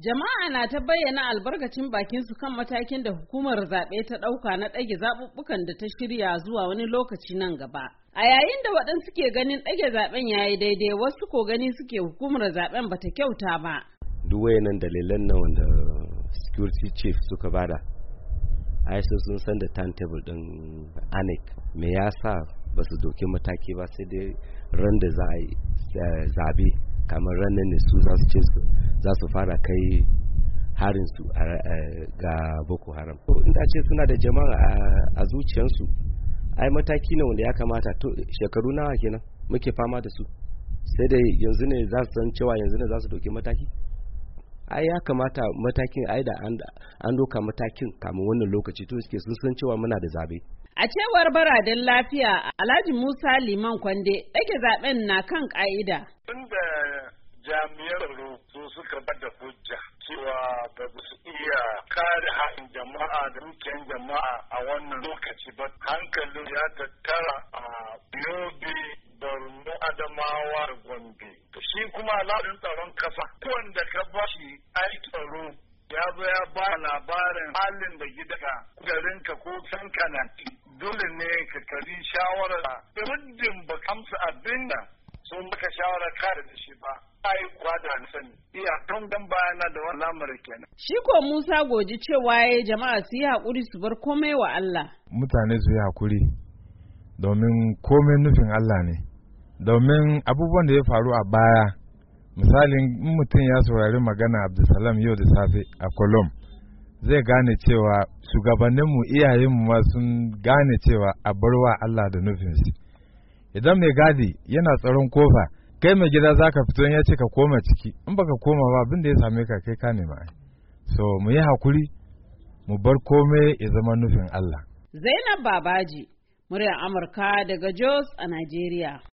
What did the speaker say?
Jama'a na ta bayyana albarkacin bakinsu kan matakin da hukumar zaɓe ta ɗauka na ɗage zaɓuɓɓukan da ta shirya zuwa wani lokaci nan gaba. A yayin da waɗansu ke ganin ɗage zaɓen ya yi daidai wasu ko gani suke hukumar zaɓen bata kyauta ba. Duk wayannan dalilan na wanda security chief suka bada, ai sun san da timetable ɗin ANIC me ya sa ba su doki mataki ba sai dai ran da za yi eh, zaɓe. kamar ranar ne su za su ce za su fara kai harinsu su ga boko haram in ce suna da jama'a a zuciyarsu ai mataki ne wanda ya kamata to shekaru nawa kenan muke fama da su sai da yanzu ne za su san cewa yanzu ne za su dauki mataki ai ya kamata matakin ai da an doka matakin kamar wannan lokaci to suke sun san cewa muna da zabe a cewar baradin lafiya alhaji musa liman kwande ɗage zaben na kan ƙa'ida. tun da jami'an tsaro su suka bada hujja cewa ba su iya kare haɗin jama'a da dukiyar jama'a a wannan lokaci ba hankalin ya tattara a yobe borno adamawa da gombe shi kuma al'adun tsaron kasa wanda ka ba shi ai tsaro ya zo ya ba labarin halin da gidanka garinka ko san dole ne ka kari shawarar da muddin ba kamsa abin da sun baka shawara kare da shi ba ai kuwa da sani iya tun dan bayana da wannan lamarin kenan shi ko Musa goji cewa yi jama'a su yi haƙuri su bar komai wa Allah mutane su yi haƙuri domin komai nufin Allah ne domin abubuwan da ya faru a baya misali, in mutum ya saurari magana Abdulsalam yau da safe a Kolom zai gane cewa shugabanninmu iyayenmu ma sun gane cewa a barwa Allah da nufinsu idan mai gadi yana tsaron kofa kai mai gida ka fito ya ce ka koma ciki in baka koma ba abin da ya same ka kai ka nema so mu yi hakuri mu bar komai ya zama nufin Allah Zainab Babaji muryar Amurka daga Jos a Najeriya